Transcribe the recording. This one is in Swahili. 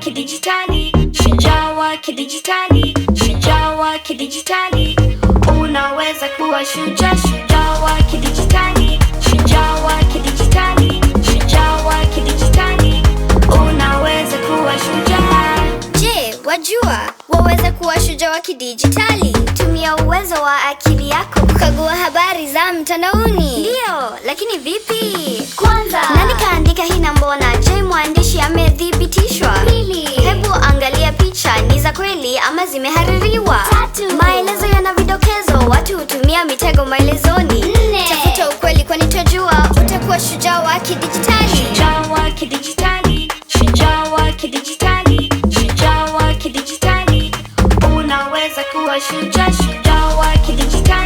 kidijitali, Shujaa wa kidijitali, Shujaa wa kidijitali. Unaweza kuwa shujaa, shujaa wa kidijitali, Shujaa wa kidijitali, Shujaa wa kidijitali. Unaweza kuwa shujaa. Je, wajua waweza kuwa shujaa wa kidijitali? Tumia uwezo wa akili yako kukagua habari za mtandaoni. Ndio, lakini vipi? kweli ama zimehaririwa. Tatu. Maelezo yana vidokezo, watu hutumia mitego maelezoni. Nne. Tafuta ukweli kwani twajua utakuwa shujaa wa kidijitali. Shujaa wa kidijitali, shujaa wa kidijitali, shujaa wa kidijitali. Unaweza kuwa shujaa, shujaa wa kidijitali.